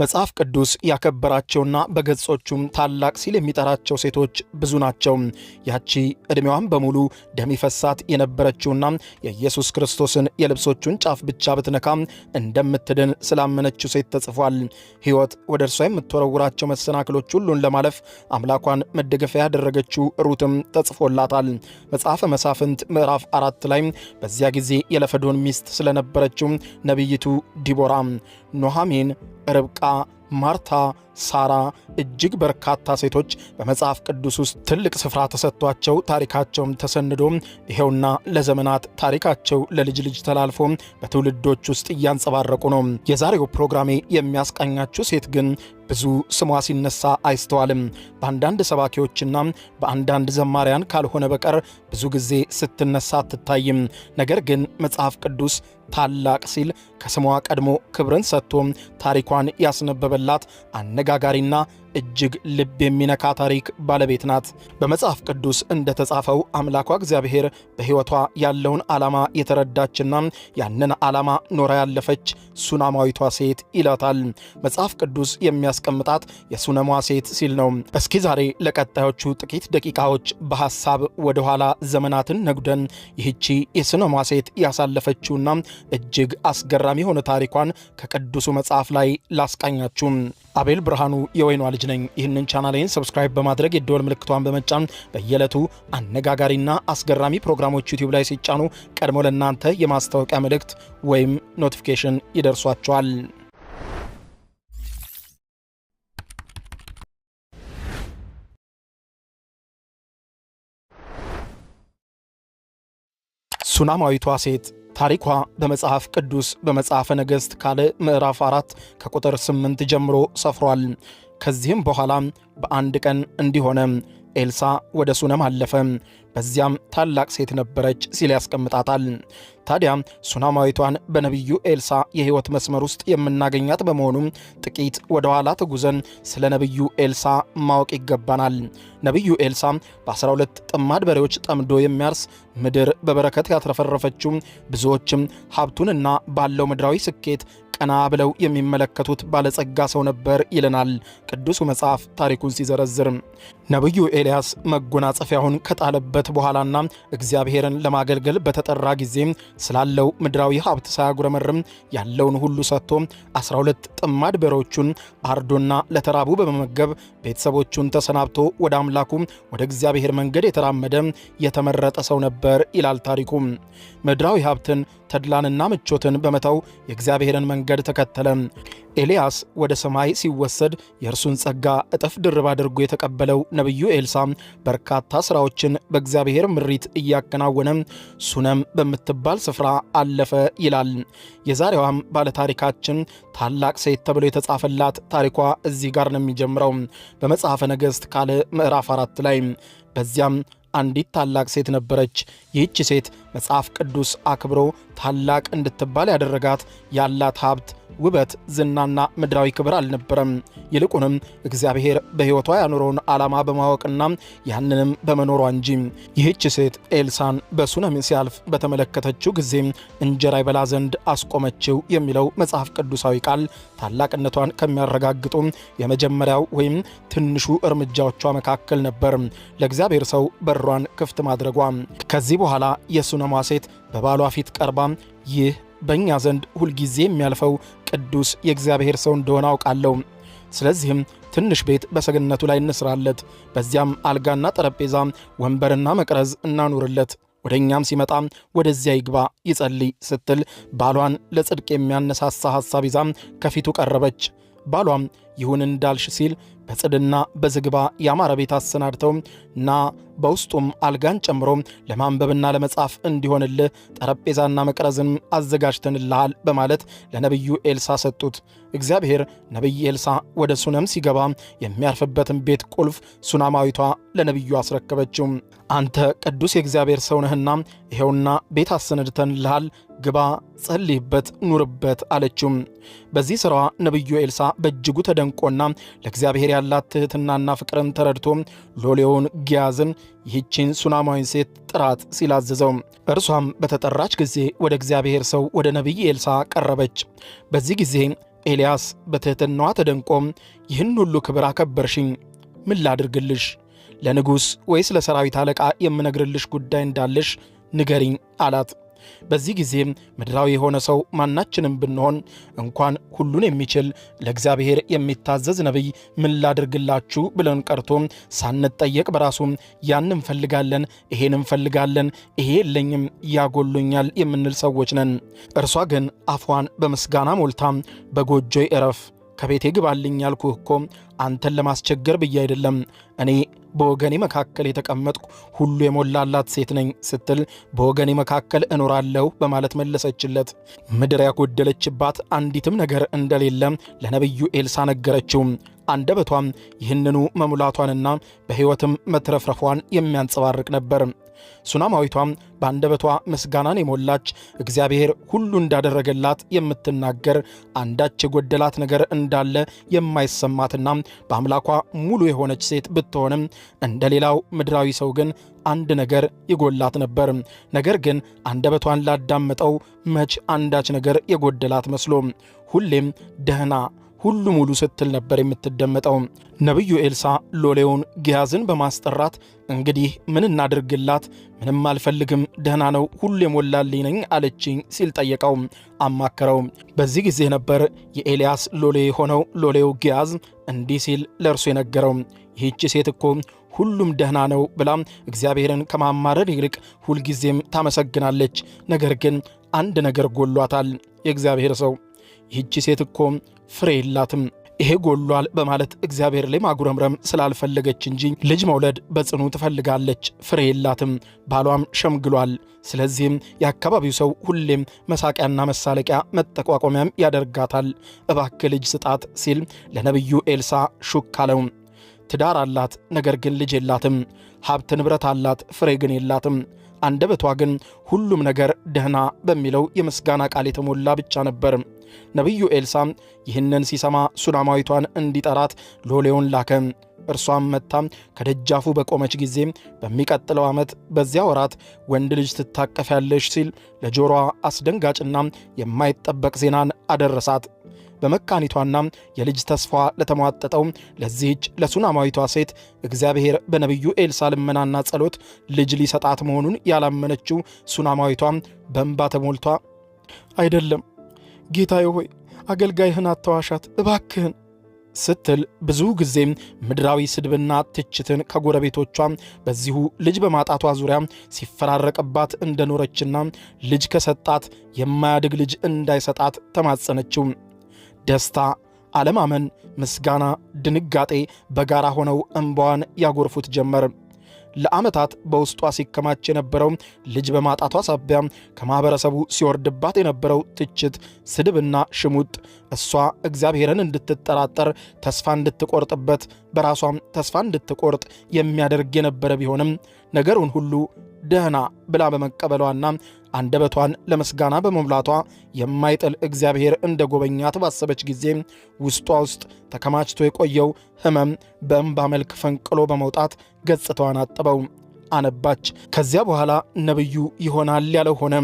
መጽሐፍ ቅዱስ ያከበራቸውና በገጾቹም ታላቅ ሲል የሚጠራቸው ሴቶች ብዙ ናቸው። ያቺ ዕድሜዋን በሙሉ ደም ይፈሳት የነበረችውና የኢየሱስ ክርስቶስን የልብሶቹን ጫፍ ብቻ ብትነካ እንደምትድን ስላመነችው ሴት ተጽፏል። ሕይወት ወደ እርሷ የምትወረውራቸው መሰናክሎች ሁሉን ለማለፍ አምላኳን መደገፊያ ያደረገችው ሩትም ተጽፎላታል። መጽሐፈ መሳፍንት ምዕራፍ አራት ላይ በዚያ ጊዜ የለፈዶን ሚስት ስለነበረችው ነቢይቱ ዲቦራ ኖሐሚን፣ ርብቃ፣ ማርታ፣ ሳራ እጅግ በርካታ ሴቶች በመጽሐፍ ቅዱስ ውስጥ ትልቅ ስፍራ ተሰጥቷቸው ታሪካቸውም ተሰንዶ ይሄውና ለዘመናት ታሪካቸው ለልጅ ልጅ ተላልፎ በትውልዶች ውስጥ እያንጸባረቁ ነው። የዛሬው ፕሮግራሜ የሚያስቃኛችሁ ሴት ግን ብዙ ስሟ ሲነሳ አይስተዋልም። በአንዳንድ ሰባኪዎችና በአንዳንድ ዘማሪያን ካልሆነ በቀር ብዙ ጊዜ ስትነሳ አትታይም። ነገር ግን መጽሐፍ ቅዱስ ታላቅ ሲል ከስሟ ቀድሞ ክብርን ሰጥቶ ታሪኳን ያስነበበላት አነጋጋሪና እጅግ ልብ የሚነካ ታሪክ ባለቤት ናት። በመጽሐፍ ቅዱስ እንደተጻፈው አምላኳ እግዚአብሔር በሕይወቷ ያለውን ዓላማ የተረዳችና ያንን ዓላማ ኖራ ያለፈች ሱናማዊቷ ሴት ይላታል መጽሐፍ ቅዱስ የሚያስቀምጣት የሱነሟ ሴት ሲል ነው። እስኪ ዛሬ ለቀጣዮቹ ጥቂት ደቂቃዎች በሐሳብ ወደኋላ ዘመናትን ነጉደን ይህቺ የሱነሟ ሴት ያሳለፈችውና እጅግ አስገራሚ የሆነ ታሪኳን ከቅዱሱ መጽሐፍ ላይ ላስቃኛችሁ። አቤል ብርሃኑ የወይኗ ልጅ ነኝ። ይህንን ቻናሌን ሰብስክራይብ በማድረግ የደወል ምልክቷን በመጫን በየዕለቱ አነጋጋሪና አስገራሚ ፕሮግራሞች ዩቲዩብ ላይ ሲጫኑ ቀድሞ ለእናንተ የማስታወቂያ መልእክት ወይም ኖቲፊኬሽን ይደርሷቸዋል። ሱናማዊቷ ሴት ታሪኳ በመጽሐፍ ቅዱስ በመጽሐፈ ነገሥት ካልዕ ምዕራፍ አራት ከቁጥር ስምንት ጀምሮ ሰፍሯል። ከዚህም በኋላ በአንድ ቀን እንዲሆነ ኤልሳ ወደ ሱነም አለፈ። በዚያም ታላቅ ሴት ነበረች ሲል ያስቀምጣታል። ታዲያ ሱናማዊቷን በነቢዩ ኤልሳ የህይወት መስመር ውስጥ የምናገኛት በመሆኑም ጥቂት ወደ ኋላ ተጉዘን ስለ ነቢዩ ኤልሳ ማወቅ ይገባናል። ነቢዩ ኤልሳ በ12 ጥማድ በሬዎች ጠምዶ የሚያርስ ምድር በበረከት ያትረፈረፈችው ብዙዎችም ሀብቱንና ባለው ምድራዊ ስኬት ቀና ብለው የሚመለከቱት ባለጸጋ ሰው ነበር ይለናል ቅዱሱ መጽሐፍ ታሪኩን ሲዘረዝር። ነቢዩ ኤልያስ መጎናጸፊያውን ከጣለበት በኋላና እግዚአብሔርን ለማገልገል በተጠራ ጊዜ ስላለው ምድራዊ ሀብት ሳያጉረመርም ያለውን ሁሉ ሰጥቶ 12 ጥማድ በሮቹን አርዶና ለተራቡ በመመገብ ቤተሰቦቹን ተሰናብቶ ወደ አምላኩ ወደ እግዚአብሔር መንገድ የተራመደ የተመረጠ ሰው ነበር ይላል ታሪኩ። ምድራዊ ሀብትን ተድላንና ምቾትን በመተው የእግዚአብሔርን መንገድ መንገድ ተከተለ። ኤልያስ ወደ ሰማይ ሲወሰድ የእርሱን ጸጋ እጥፍ ድርብ አድርጎ የተቀበለው ነቢዩ ኤልሳ በርካታ ሥራዎችን በእግዚአብሔር ምሪት እያከናወነ ሱነም በምትባል ስፍራ አለፈ ይላል። የዛሬዋም ባለታሪካችን ታላቅ ሴት ተብሎ የተጻፈላት ታሪኳ እዚህ ጋር ነው የሚጀምረው በመጽሐፈ ነገሥት ካልዕ ምዕራፍ አራት ላይ በዚያም አንዲት ታላቅ ሴት ነበረች። ይህች ሴት መጽሐፍ ቅዱስ አክብሮ ታላቅ እንድትባል ያደረጋት ያላት ሀብት ውበት፣ ዝናና ምድራዊ ክብር አልነበረም። ይልቁንም እግዚአብሔር በሕይወቷ ያኖረውን ዓላማ በማወቅና ያንንም በመኖሯ እንጂ። ይህች ሴት ኤልሳን በሱነሚ ሲያልፍ በተመለከተችው ጊዜ እንጀራ ይበላ ዘንድ አስቆመችው የሚለው መጽሐፍ ቅዱሳዊ ቃል ታላቅነቷን ከሚያረጋግጡ የመጀመሪያው ወይም ትንሹ እርምጃዎቿ መካከል ነበር፣ ለእግዚአብሔር ሰው በሯን ክፍት ማድረጓ። ከዚህ በኋላ የሱነማ ሴት በባሏ ፊት ቀርባ ይህ በእኛ ዘንድ ሁልጊዜ የሚያልፈው ቅዱስ የእግዚአብሔር ሰው እንደሆነ አውቃለሁ። ስለዚህም ትንሽ ቤት በሰገነቱ ላይ እንስራለት፣ በዚያም አልጋና ጠረጴዛ ወንበርና መቅረዝ እናኑርለት። ወደ እኛም ሲመጣ ወደዚያ ይግባ ይጸልይ ስትል ባሏን ለጽድቅ የሚያነሳሳ ሐሳብ ይዛም ከፊቱ ቀረበች። ባሏም ይሁን እንዳልሽ ሲል በጽድና በዝግባ ያማረ ቤት አሰናድተው እና በውስጡም አልጋን ጨምሮ ለማንበብና ለመጻፍ እንዲሆንልህ ጠረጴዛና መቅረዝን አዘጋጅተንልሃል በማለት ለነቢዩ ኤልሳ ሰጡት። እግዚአብሔር ነቢይ ኤልሳ ወደ ሱነም ሲገባ የሚያርፍበትን ቤት ቁልፍ ሱናማዊቷ ለነቢዩ አስረከበችው። አንተ ቅዱስ የእግዚአብሔር ሰው ነህና ይኸውና ቤት አሰናድተንልሃል ግባ፣ ጸልይበት፣ ኑርበት አለችው። በዚህ ሥራዋ ነቢዩ ኤልሳ በእጅጉ ተደ ተንቆና ለእግዚአብሔር ያላት ትህትናና ፍቅርን ተረድቶ ሎሌውን ጊያዝን ይህችን ሱናማዊ ሴት ጥራት ሲላዘዘው፣ እርሷም በተጠራች ጊዜ ወደ እግዚአብሔር ሰው ወደ ነቢይ ኤልሳ ቀረበች። በዚህ ጊዜ ኤልያስ በትህትናዋ ተደንቆ ይህን ሁሉ ክብር አከበርሽኝ፣ ምን ላድርግልሽ? ለንጉሥ ወይስ ለሰራዊት አለቃ የምነግርልሽ ጉዳይ እንዳለሽ ንገሪኝ አላት። በዚህ ጊዜ ምድራዊ የሆነ ሰው ማናችንም ብንሆን እንኳን ሁሉን የሚችል ለእግዚአብሔር የሚታዘዝ ነቢይ ምን ላድርግላችሁ ብለን ቀርቶ ሳንጠየቅ በራሱ ያን እንፈልጋለን፣ ይሄን እንፈልጋለን፣ ይሄ የለኝም፣ ያጎሉኛል የምንል ሰዎች ነን። እርሷ ግን አፏን በምስጋና ሞልታ በጎጆይ እረፍ ከቤቴ ግባልኝ ያልኩህ እኮ አንተን ለማስቸገር ብዬ አይደለም። እኔ በወገኔ መካከል የተቀመጥኩ ሁሉ የሞላላት ሴት ነኝ ስትል በወገኔ መካከል እኖራለሁ በማለት መለሰችለት። ምድር ያጎደለችባት አንዲትም ነገር እንደሌለ ለነቢዩ ኤልሳ ነገረችው። አንደበቷም ይህንኑ መሙላቷንና በሕይወትም መትረፍረፏን የሚያንጸባርቅ ነበር። ሱናማዊቷም በአንደበቷ ምስጋናን የሞላች እግዚአብሔር ሁሉ እንዳደረገላት የምትናገር አንዳች የጎደላት ነገር እንዳለ የማይሰማትና በአምላኳ ሙሉ የሆነች ሴት ብትሆንም እንደ ሌላው ምድራዊ ሰው ግን አንድ ነገር ይጎላት ነበር። ነገር ግን አንደበቷን ላዳመጠው መች አንዳች ነገር የጎደላት መስሎ ሁሌም ደህና ሁሉ ሙሉ ስትል ነበር የምትደመጠው። ነቢዩ ኤልሳ ሎሌውን ግያዝን በማስጠራት እንግዲህ ምን እናድርግላት? ምንም አልፈልግም፣ ደህና ነው፣ ሁሉ የሞላልኝ ነኝ አለችኝ ሲል ጠየቀው፣ አማከረው። በዚህ ጊዜ ነበር የኤልያስ ሎሌ የሆነው ሎሌው ግያዝ እንዲህ ሲል ለእርሱ የነገረው ይህች ሴት እኮ ሁሉም ደህና ነው ብላም እግዚአብሔርን ከማማረር ይልቅ ሁልጊዜም ታመሰግናለች። ነገር ግን አንድ ነገር ጎሏታል። የእግዚአብሔር ሰው ይህች ሴት እኮ ፍሬ የላትም። ይሄ ጎሏል በማለት እግዚአብሔር ላይ ማጉረምረም ስላልፈለገች እንጂ ልጅ መውለድ በጽኑ ትፈልጋለች። ፍሬ የላትም። ባሏም ሸምግሏል። ስለዚህም የአካባቢው ሰው ሁሌም መሳቂያና መሳለቂያ መጠቋቋሚያም ያደርጋታል። እባክህ ልጅ ስጣት ሲል ለነቢዩ ኤልሳ ሹክ አለው። ትዳር አላት፣ ነገር ግን ልጅ የላትም። ሀብት ንብረት አላት፣ ፍሬ ግን የላትም። አንደበቷ ግን ሁሉም ነገር ደህና በሚለው የምስጋና ቃል የተሞላ ብቻ ነበር። ነቢዩ ኤልሳም ይህንን ሲሰማ ሱናማዊቷን እንዲጠራት ሎሌውን ላከም። እርሷም መታ ከደጃፉ በቆመች ጊዜ በሚቀጥለው ዓመት በዚያ ወራት ወንድ ልጅ ትታቀፊያለሽ ሲል ለጆሮዋ አስደንጋጭና የማይጠበቅ ዜናን አደረሳት። በመካኒቷና የልጅ ተስፋ ለተሟጠጠው ለዚህች ለሱናማዊቷ ሴት እግዚአብሔር በነቢዩ ኤልሳ ልመናና ጸሎት ልጅ ሊሰጣት መሆኑን ያላመነችው ሱናማዊቷ በእንባ ተሞልቷ አይደለም ጌታዬ ሆይ አገልጋይህን አተዋሻት እባክህን ስትል ብዙ ጊዜም ምድራዊ ስድብና ትችትን ከጎረቤቶቿ በዚሁ ልጅ በማጣቷ ዙሪያ ሲፈራረቅባት እንደኖረችና ልጅ ከሰጣት የማያድግ ልጅ እንዳይሰጣት ተማጸነችው። ደስታ፣ አለማመን፣ ምስጋና፣ ድንጋጤ በጋራ ሆነው እንባዋን ያጎርፉት ጀመር። ለዓመታት በውስጧ ሲከማች የነበረው ልጅ በማጣቷ ሳቢያ ከማኅበረሰቡ ሲወርድባት የነበረው ትችት፣ ስድብና ሽሙጥ እሷ እግዚአብሔርን እንድትጠራጠር ተስፋ እንድትቆርጥበት በራሷም ተስፋ እንድትቆርጥ የሚያደርግ የነበረ ቢሆንም ነገሩን ሁሉ ደህና ብላ በመቀበሏና አንደበቷን ለምስጋና በመሙላቷ የማይጥል እግዚአብሔር እንደ ጎበኛት ባሰበች ጊዜ ውስጧ ውስጥ ተከማችቶ የቆየው ሕመም በእምባ መልክ ፈንቅሎ በመውጣት ገጽታዋን አጠበው። አነባች። ከዚያ በኋላ ነብዩ ይሆናል ያለው ሆነ።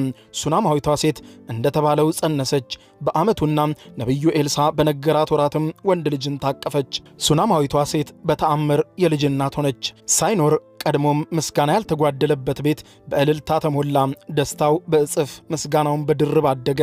ሱናማዊቷ ሴት እንደተባለው ጸነሰች። በአመቱና ነብዩ ኤልሳ በነገራት ወራትም ወንድ ልጅን ታቀፈች። ሱናማዊቷ ሴት በተአምር የልጅ እናት ሆነች። ሳይኖር ቀድሞም ምስጋና ያልተጓደለበት ቤት በእልልታ ተሞላ። ደስታው በእጽፍ ምስጋናውን በድርብ አደገ።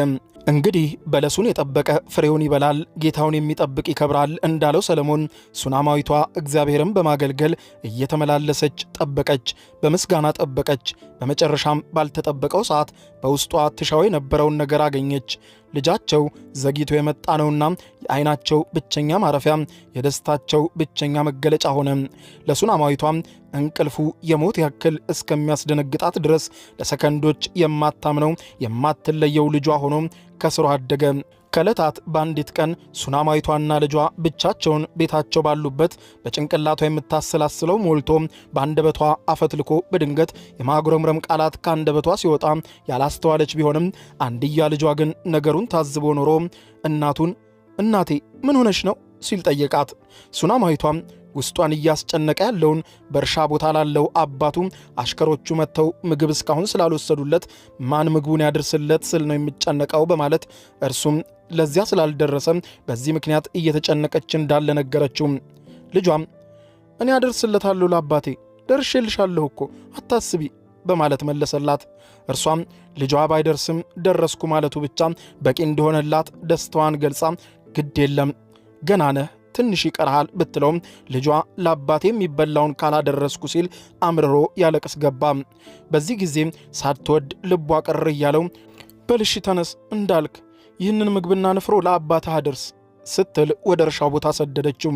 እንግዲህ በለሱን የጠበቀ ፍሬውን ይበላል፣ ጌታውን የሚጠብቅ ይከብራል እንዳለው ሰለሞን ሱናማዊቷ እግዚአብሔርን በማገልገል እየተመላለሰች ጠበቀች፣ በምስጋና ጠበቀች። በመጨረሻም ባልተጠበቀው ሰዓት በውስጧ ትሻው የነበረውን ነገር አገኘች። ልጃቸው ዘግይቶ የመጣ ነውና የአይናቸው ብቸኛ ማረፊያ፣ የደስታቸው ብቸኛ መገለጫ ሆነ። ለሱናማዊቷም እንቅልፉ የሞት ያክል እስከሚያስደነግጣት ድረስ ለሰከንዶች የማታምነው የማትለየው ልጇ ሆኖ ከስሯ አደገ። ከዕለታት በአንዲት ቀን ሱናማዊቷና ልጇ ብቻቸውን ቤታቸው ባሉበት በጭንቅላቷ የምታሰላስለው ሞልቶ በአንደበቷ አፈትልኮ በድንገት የማጉረምረም ቃላት ከአንደበቷ ሲወጣ ያላስተዋለች ቢሆንም አንድያ ልጇ ግን ነገሩን ታዝቦ ኖሮ እናቱን እናቴ ምን ሆነሽ ነው ሲል ጠየቃት። ሱናማዊቷም ውስጧን እያስጨነቀ ያለውን በእርሻ ቦታ ላለው አባቱ አሽከሮቹ መጥተው ምግብ እስካሁን ስላልወሰዱለት ማን ምግቡን ያደርስለት ስል ነው የሚጨነቀው በማለት እርሱም ለዚያ ስላልደረሰም በዚህ ምክንያት እየተጨነቀች እንዳለ ነገረችው። ልጇም እኔ አደርስለታለሁ ለአባቴ ደርሼልሻለሁ እኮ አታስቢ በማለት መለሰላት። እርሷም ልጇ ባይደርስም ደረስኩ ማለቱ ብቻ በቂ እንደሆነላት ደስታዋን ገልጻ ግድ የለም ገና ነህ ትንሽ ይቀርሃል ብትለውም ልጇ ለአባቴ የሚበላውን ካላደረስኩ ሲል አምርሮ ያለቅስ ገባ። በዚህ ጊዜ ሳትወድ ልቧ ቅር እያለው በልሽ ተነስ እንዳልክ ይህንን ምግብና ንፍሮ ለአባትህ አድርስ ስትል ወደ እርሻ ቦታ ሰደደችው።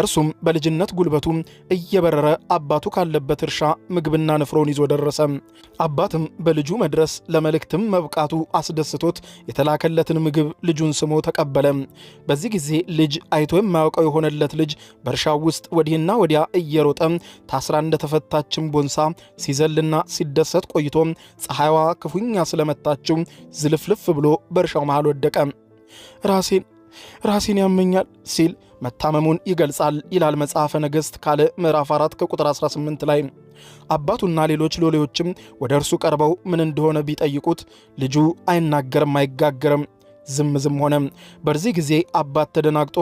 እርሱም በልጅነት ጉልበቱ እየበረረ አባቱ ካለበት እርሻ ምግብና ንፍሮን ይዞ ደረሰ። አባትም በልጁ መድረስ ለመልእክትም መብቃቱ አስደስቶት የተላከለትን ምግብ ልጁን ስሞ ተቀበለ። በዚህ ጊዜ ልጅ አይቶ የማያውቀው የሆነለት ልጅ በእርሻው ውስጥ ወዲህና ወዲያ እየሮጠ ታስራ እንደተፈታችም ቦንሳ ሲዘልና ሲደሰት ቆይቶ ፀሐይዋ ክፉኛ ስለመታችው ዝልፍልፍ ብሎ በእርሻው መሃል ወደቀ። ራሴን ራሴን ያመኛል ሲል መታመሙን ይገልጻል ይላል መጽሐፈ ነገሥት ካለ ምዕራፍ 4 ከቁጥር 18 ላይ። አባቱና ሌሎች ሎሌዎችም ወደ እርሱ ቀርበው ምን እንደሆነ ቢጠይቁት ልጁ አይናገርም አይጋገርም ዝም ዝም ሆነ። በዚህ ጊዜ አባት ተደናግጦ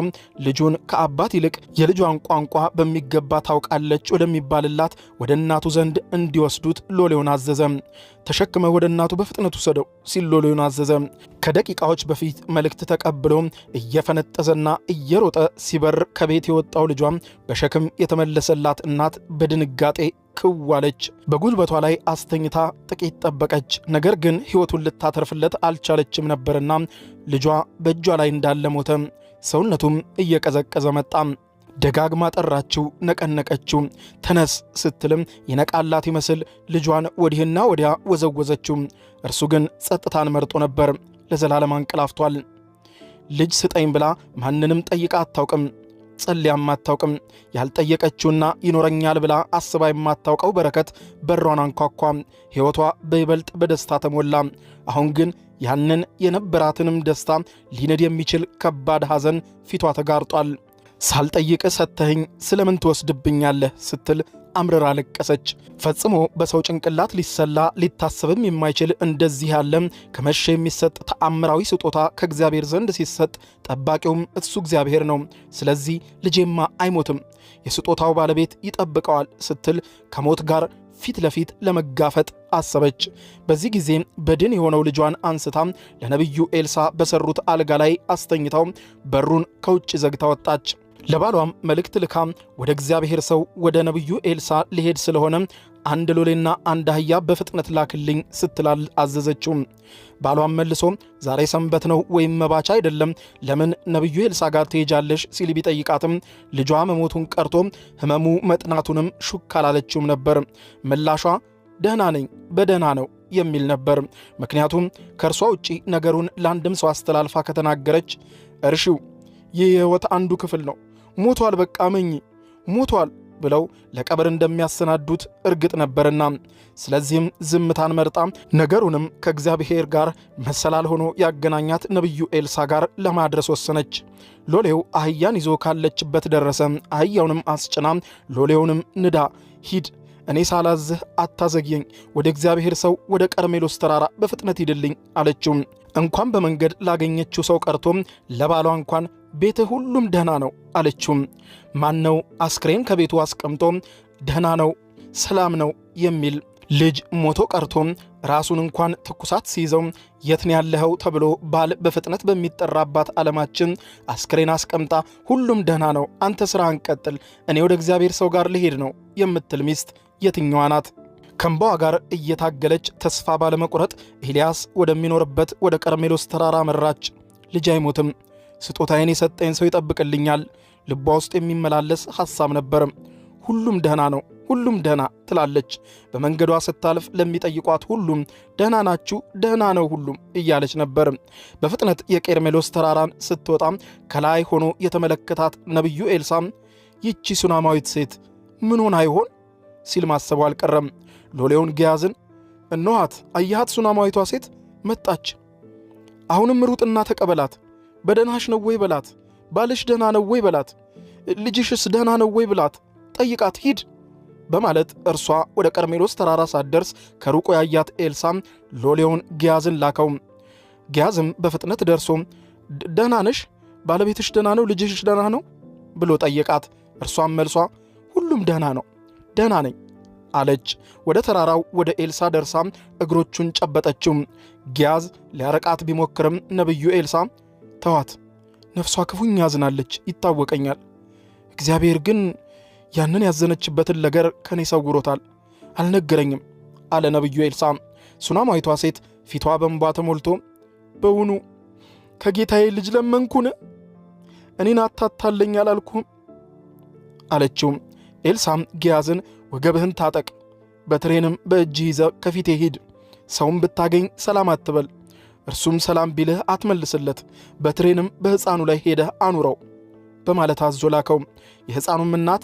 ልጁን ከአባት ይልቅ የልጇን ቋንቋ በሚገባ ታውቃለች ወደሚባልላት ወደ እናቱ ዘንድ እንዲወስዱት ሎሌውን አዘዘ። ተሸክመ ወደ እናቱ በፍጥነት ውሰደው ሲል ሎሌውን አዘዘ። ከደቂቃዎች በፊት መልእክት ተቀብሎ እየፈነጠዘና እየሮጠ ሲበር ከቤት የወጣው ልጇ በሸክም የተመለሰላት እናት በድንጋጤ ክዋለች። በጉልበቷ ላይ አስተኝታ ጥቂት ጠበቀች። ነገር ግን ሕይወቱን ልታተርፍለት አልቻለችም ነበርና ልጇ በእጇ ላይ እንዳለ ሞተ። ሰውነቱም እየቀዘቀዘ መጣ። ደጋግማ ጠራችው፣ ነቀነቀችው። ተነስ ስትልም ይነቃላት ይመስል ልጇን ወዲህና ወዲያ ወዘወዘችው። እርሱ ግን ጸጥታን መርጦ ነበር። ለዘላለም አንቀላፍቷል። ልጅ ስጠኝ ብላ ማንንም ጠይቃ አታውቅም፣ ጸልያም አታውቅም። ያልጠየቀችውና ይኖረኛል ብላ አስባ የማታውቀው በረከት በሯን አንኳኳ። ሕይወቷ በይበልጥ በደስታ ተሞላ። አሁን ግን ያንን የነበራትንም ደስታ ሊንድ የሚችል ከባድ ሐዘን ፊቷ ተጋርጧል። ሳልጠይቅ ሰጥተኸኝ ስለምን ትወስድብኛለህ? ስትል አምርራ ለቀሰች። ፈጽሞ በሰው ጭንቅላት ሊሰላ ሊታሰብም የማይችል እንደዚህ ያለም ከመሸ የሚሰጥ ተአምራዊ ስጦታ ከእግዚአብሔር ዘንድ ሲሰጥ ጠባቂውም እሱ እግዚአብሔር ነው። ስለዚህ ልጄማ አይሞትም፣ የስጦታው ባለቤት ይጠብቀዋል ስትል ከሞት ጋር ፊት ለፊት ለመጋፈጥ አሰበች። በዚህ ጊዜ በድን የሆነው ልጇን አንስታ ለነቢዩ ኤልሳ በሰሩት አልጋ ላይ አስተኝታው በሩን ከውጭ ዘግታ ወጣች። ለባሏም መልእክት ልካ ወደ እግዚአብሔር ሰው ወደ ነቢዩ ኤልሳ ሊሄድ ስለሆነ አንድ ሎሌና አንድ አህያ በፍጥነት ላክልኝ ስትላል አዘዘችው። ባሏም መልሶ ዛሬ ሰንበት ነው ወይም መባቻ አይደለም፣ ለምን ነቢዩ ኤልሳ ጋር ትሄጃለሽ ሲል ቢጠይቃትም ልጇ መሞቱን ቀርቶ ሕመሙ መጥናቱንም ሹክ አላለችውም ነበር። ምላሿ ደህና ነኝ፣ በደህና ነው የሚል ነበር። ምክንያቱም ከእርሷ ውጪ ነገሩን ለአንድም ሰው አስተላልፋ ከተናገረች እርሺው። ይህ የሕይወት አንዱ ክፍል ነው። ሞቷል፣ በቃ አመኝ ሞቷል ብለው ለቀብር እንደሚያሰናዱት እርግጥ ነበርና፣ ስለዚህም ዝምታን መርጣ ነገሩንም ከእግዚአብሔር ጋር መሰላል ሆኖ ያገናኛት ነቢዩ ኤልሳ ጋር ለማድረስ ወሰነች። ሎሌው አህያን ይዞ ካለችበት ደረሰ። አህያውንም አስጭና ሎሌውንም ንዳ ሂድ እኔ ሳላዝህ አታዘግየኝ፣ ወደ እግዚአብሔር ሰው ወደ ቀርሜሎስ ተራራ በፍጥነት ሂድልኝ አለችው። እንኳን በመንገድ ላገኘችው ሰው ቀርቶም ለባሏ እንኳን ቤት ሁሉም ደህና ነው አለችው። ማነው አስክሬን ከቤቱ አስቀምጦ ደህና ነው ሰላም ነው የሚል ልጅ ሞቶ ቀርቶ ራሱን እንኳን ትኩሳት ሲይዘው የት ነው ያለኸው ተብሎ ባል በፍጥነት በሚጠራባት ዓለማችን አስክሬን አስቀምጣ ሁሉም ደህና ነው፣ አንተ ሥራ እንቀጥል እኔ ወደ እግዚአብሔር ሰው ጋር ልሄድ ነው የምትል ሚስት የትኛዋ ናት? ከእንባዋ ጋር እየታገለች ተስፋ ባለመቁረጥ ኤልያስ ወደሚኖርበት ወደ ቀርሜሎስ ተራራ መራች። ልጅ አይሞትም፣ ስጦታዬን የሰጠኝ ሰው ይጠብቅልኛል፣ ልቧ ውስጥ የሚመላለስ ሐሳብ ነበር። ሁሉም ደህና ነው፣ ሁሉም ደህና ትላለች። በመንገዷ ስታልፍ ለሚጠይቋት ሁሉም ደህና ናችሁ፣ ደህና ነው ሁሉም እያለች ነበር። በፍጥነት የቄርሜሎስ ተራራን ስትወጣም ከላይ ሆኖ የተመለከታት ነቢዩ ኤልሳም ይቺ ሱናማዊት ሴት ምን ሆና ይሆን ሲል ማሰቡ አልቀረም። ሎሌውን ግያዝን እነኋት አያሃት ሱናማዊቷ ሴት መጣች። አሁንም ሩጥና ተቀበላት። በደናሽ ነው ወይ በላት። ባልሽ ደህና ነው ወይ በላት። ልጅሽስ ደህና ነው ወይ ብላት፣ ጠይቃት፣ ሂድ በማለት እርሷ ወደ ቀርሜሎስ ተራራ ሳትደርስ ከሩቆ ያያት ኤልሳም ሎሌውን ግያዝን ላከው። ግያዝም በፍጥነት ደርሶ ደህና ነሽ? ባለቤትሽ ደህና ነው? ልጅሽ ደህና ነው ብሎ ጠየቃት። እርሷም መልሷ ሁሉም ደህና ነው ደህና ነኝ አለች። ወደ ተራራው ወደ ኤልሳ ደርሳ እግሮቹን ጨበጠችው። ጊያዝ ሊያረቃት ቢሞክርም ነቢዩ ኤልሳ ተዋት፣ ነፍሷ ክፉኛ ያዝናለች፣ ይታወቀኛል። እግዚአብሔር ግን ያንን ያዘነችበትን ነገር ከኔ ሰውሮታል፣ አልነገረኝም አለ ነቢዩ ኤልሳ። ሱናማዊቷ ሴት ፊቷ በእንባ ተሞልቶ በውኑ ከጌታዬ ልጅ ለመንኩን? እኔን አታታለኝ አላልኩም አለችውም። ኤልሳም ጊያዝን ወገብህን ታጠቅ፣ በትሬንም በእጅ ይዘ ከፊቴ ሂድ፣ ሰውም ብታገኝ ሰላም አትበል፣ እርሱም ሰላም ቢልህ አትመልስለት፣ በትሬንም በሕፃኑ ላይ ሄደህ አኑረው በማለት አዞ ላከው። የሕፃኑም እናት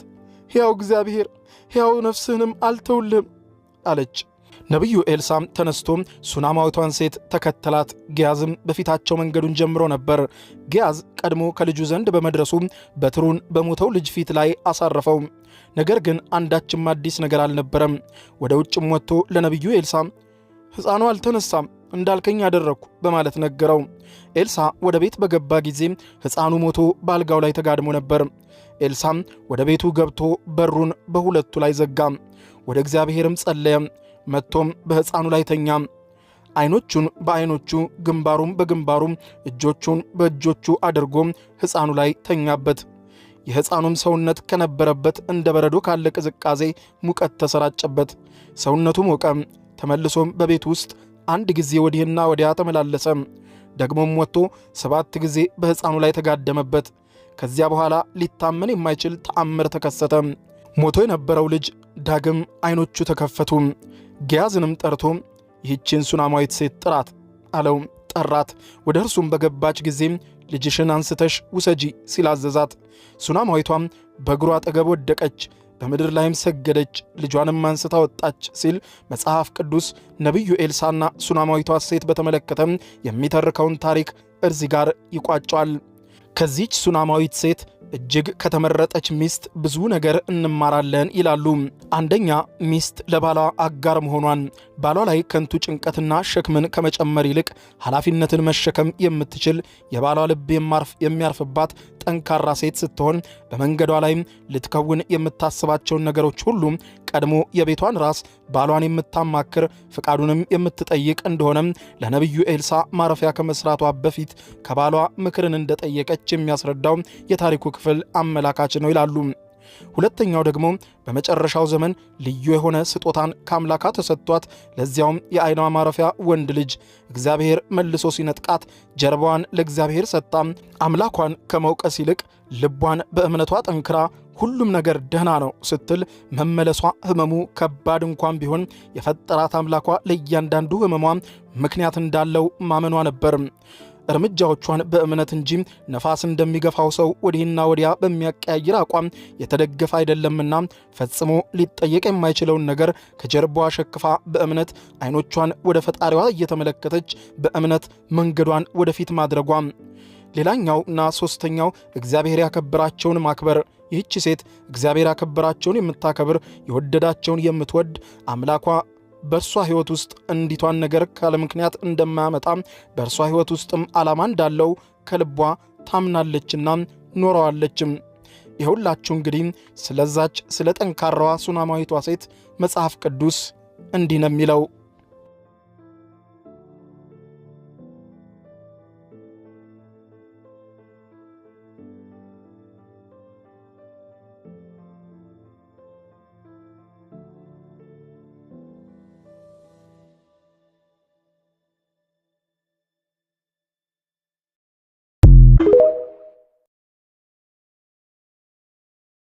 ሕያው እግዚአብሔር ሕያው ነፍስህንም አልተውልህም አለች። ነቢዩ ኤልሳም ተነስቶ ሱናማዊቷን ሴት ተከተላት። ግያዝም በፊታቸው መንገዱን ጀምሮ ነበር። ግያዝ ቀድሞ ከልጁ ዘንድ በመድረሱ በትሩን በሞተው ልጅ ፊት ላይ አሳረፈው። ነገር ግን አንዳችም አዲስ ነገር አልነበረም። ወደ ውጭም ወጥቶ ለነቢዩ ኤልሳ ሕፃኑ አልተነሳም እንዳልከኝ አደረግኩ በማለት ነገረው። ኤልሳ ወደ ቤት በገባ ጊዜ ሕፃኑ ሞቶ በአልጋው ላይ ተጋድሞ ነበር። ኤልሳም ወደ ቤቱ ገብቶ በሩን በሁለቱ ላይ ዘጋ። ወደ እግዚአብሔርም ጸለየ። መጥቶም በሕፃኑ ላይ ተኛ። አይኖቹን በአይኖቹ ግንባሩም በግንባሩም እጆቹን በእጆቹ አድርጎም ሕፃኑ ላይ ተኛበት። የሕፃኑም ሰውነት ከነበረበት እንደ በረዶ ካለ ቅዝቃዜ ሙቀት ተሰራጨበት። ሰውነቱ ሞቀም። ተመልሶም በቤት ውስጥ አንድ ጊዜ ወዲህና ወዲያ ተመላለሰም። ደግሞም ወጥቶ ሰባት ጊዜ በሕፃኑ ላይ ተጋደመበት። ከዚያ በኋላ ሊታመን የማይችል ተአምር ተከሰተ። ሞቶ የነበረው ልጅ ዳግም አይኖቹ ተከፈቱ። ጊያዝንም ጠርቶ ይህችን ሱናማዊት ሴት ጥራት አለው። ጠራት። ወደ እርሱም በገባች ጊዜም ልጅሽን አንስተሽ ውሰጂ ሲላዘዛት ሱናማዊቷም በእግሩ አጠገብ ወደቀች፣ በምድር ላይም ሰገደች፣ ልጇንም አንስታ ወጣች ሲል መጽሐፍ ቅዱስ ነቢዩ ኤልሳና ሱናማዊቷ ሴት በተመለከተም የሚተርከውን ታሪክ እርዚ ጋር ይቋጫል። ከዚች ሱናማዊት ሴት እጅግ ከተመረጠች ሚስት ብዙ ነገር እንማራለን ይላሉ። አንደኛ ሚስት ለባሏ አጋር መሆኗን፣ ባሏ ላይ ከንቱ ጭንቀትና ሸክምን ከመጨመር ይልቅ ኃላፊነትን መሸከም የምትችል የባሏ ልብ የሚያርፍባት ጠንካራ ሴት ስትሆን በመንገዷ ላይም ልትከውን የምታስባቸውን ነገሮች ሁሉ ቀድሞ የቤቷን ራስ ባሏን የምታማክር ፍቃዱንም የምትጠይቅ እንደሆነም ለነቢዩ ኤልሳ ማረፊያ ከመስራቷ በፊት ከባሏ ምክርን እንደጠየቀች የሚያስረዳው የታሪኩ ክፍል አመላካች ነው ይላሉ። ሁለተኛው ደግሞ በመጨረሻው ዘመን ልዩ የሆነ ስጦታን ከአምላካ ተሰጥቷት ለዚያውም የዓይኗ ማረፊያ ወንድ ልጅ እግዚአብሔር መልሶ ሲነጥቃት ጀርባዋን ለእግዚአብሔር ሰጥታም አምላኳን ከመውቀስ ይልቅ ልቧን በእምነቷ ጠንክራ ሁሉም ነገር ደህና ነው ስትል መመለሷ ህመሙ ከባድ እንኳን ቢሆን የፈጠራት አምላኳ ለእያንዳንዱ ህመሟ ምክንያት እንዳለው ማመኗ ነበር። እርምጃዎቿን በእምነት እንጂ ነፋስ እንደሚገፋው ሰው ወዲህና ወዲያ በሚያቀያይር አቋም የተደገፈ አይደለምና ፈጽሞ ሊጠየቅ የማይችለውን ነገር ከጀርባዋ ሸክፋ በእምነት አይኖቿን ወደ ፈጣሪዋ እየተመለከተች በእምነት መንገዷን ወደፊት ማድረጓ ሌላኛው እና ሶስተኛው እግዚአብሔር ያከበራቸውን ማክበር። ይህች ሴት እግዚአብሔር ያከበራቸውን የምታከብር የወደዳቸውን የምትወድ አምላኳ በእርሷ ሕይወት ውስጥ እንዲቷን ነገር ካለ ምክንያት እንደማያመጣ በእርሷ ሕይወት ውስጥም ዓላማ እንዳለው ከልቧ ታምናለችና ኖረዋለችም። የሁላችሁ እንግዲህ ስለዛች ስለ ጠንካራዋ ሱናማዊቷ ሴት መጽሐፍ ቅዱስ እንዲህ ነው የሚለው